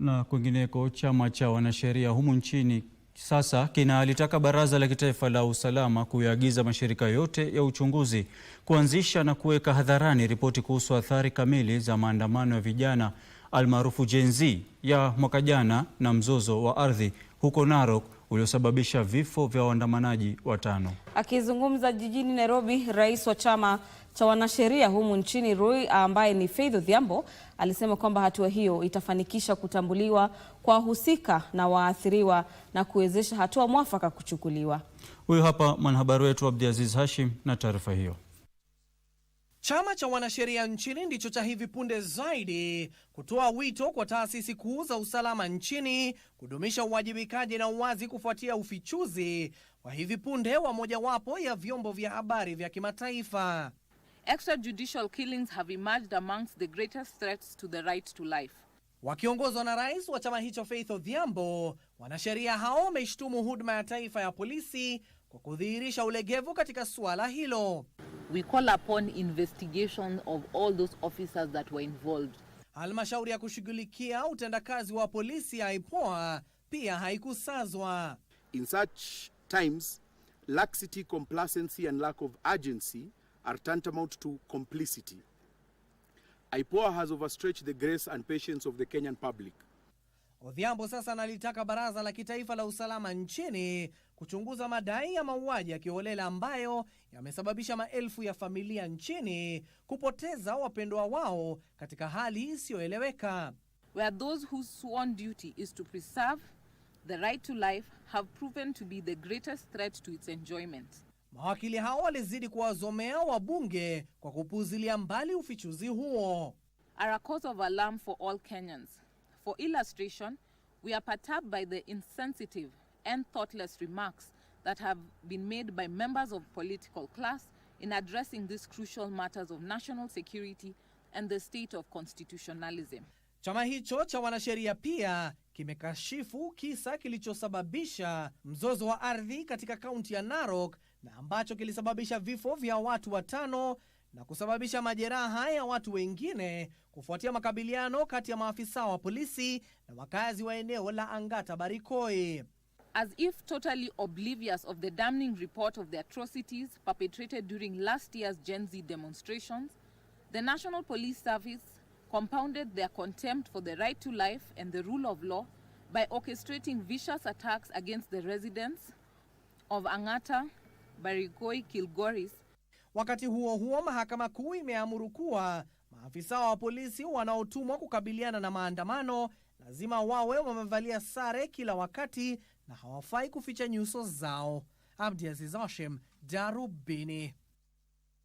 Na kwingineko, chama cha wanasheria humu nchini sasa kinalitaka Baraza la Kitaifa la Usalama kuyaagiza mashirika yote ya uchunguzi kuanzisha na kuweka hadharani ripoti kuhusu athari kamili za maandamano ya vijana almaarufu Gen Z ya mwaka jana na mzozo wa ardhi huko Narok uliosababisha vifo vya waandamanaji watano. Akizungumza jijini Nairobi, rais wa chama cha wanasheria humu nchini rui ambaye ni Faith Odhiambo alisema kwamba hatua hiyo itafanikisha kutambuliwa kwa wahusika na waathiriwa na kuwezesha hatua mwafaka kuchukuliwa. Huyu hapa mwanahabari wetu Abdiaziz Hashim na taarifa hiyo. Chama cha wanasheria nchini ndicho cha hivi punde zaidi kutoa wito kwa taasisi kuu za usalama nchini kudumisha uwajibikaji na uwazi kufuatia ufichuzi wa hivi punde wa mojawapo ya vyombo vya habari vya kimataifa. Extrajudicial killings have emerged amongst the greatest threats to the right to life. Wakiongozwa na rais wa chama hicho Faith Odhiambo, wanasheria hao wameshtumu huduma ya taifa ya polisi kwa kudhihirisha ulegevu katika suala hilo. We call upon investigation of all those officers that were involved. Halmashauri ya kushughulikia utendakazi wa polisi ya IPOA pia haikusazwa. In such times, laxity, complacency and lack of urgency are tantamount to complicity. IPOA has overstretched the grace and patience of the Kenyan public. Odhiambo sasa analitaka Baraza la Kitaifa la Usalama nchini kuchunguza madai ya mauaji ya kiholela ambayo yamesababisha maelfu ya familia nchini kupoteza wapendwa wao katika hali isiyoeleweka. Where those whose sworn duty is to preserve the right to life have proven to be the greatest threat to its enjoyment. Mawakili hao walizidi kuwazomea wabunge kwa kupuuzilia mbali ufichuzi huo. Are a cause of alarm for all Kenyans. For illustration, we are perturbed by the insensitive and thoughtless remarks that have been made by members of political class in addressing these crucial matters of national security and the state of constitutionalism. Chama hicho cha wanasheria pia kimekashifu kisa kilichosababisha mzozo wa ardhi katika kaunti ya Narok na ambacho kilisababisha vifo vya watu watano na kusababisha majeraha ya watu wengine kufuatia makabiliano kati ya maafisa wa polisi na wakazi wa eneo la Angata Barikoi as if totally oblivious of the damning report of the atrocities perpetrated during last year's Gen Z demonstrations, the National Police Service compounded their contempt for the right to life and the rule of law by orchestrating vicious attacks against the residents of Angata, Barikoi, Kilgoris. Wakati huo huo, mahakama kuu imeamuru kuwa maafisa wa polisi wanaotumwa kukabiliana na maandamano lazima wawe wamevalia sare kila wakati na hawafai kuficha nyuso zao. Abdiaziz Hashim, Darubini.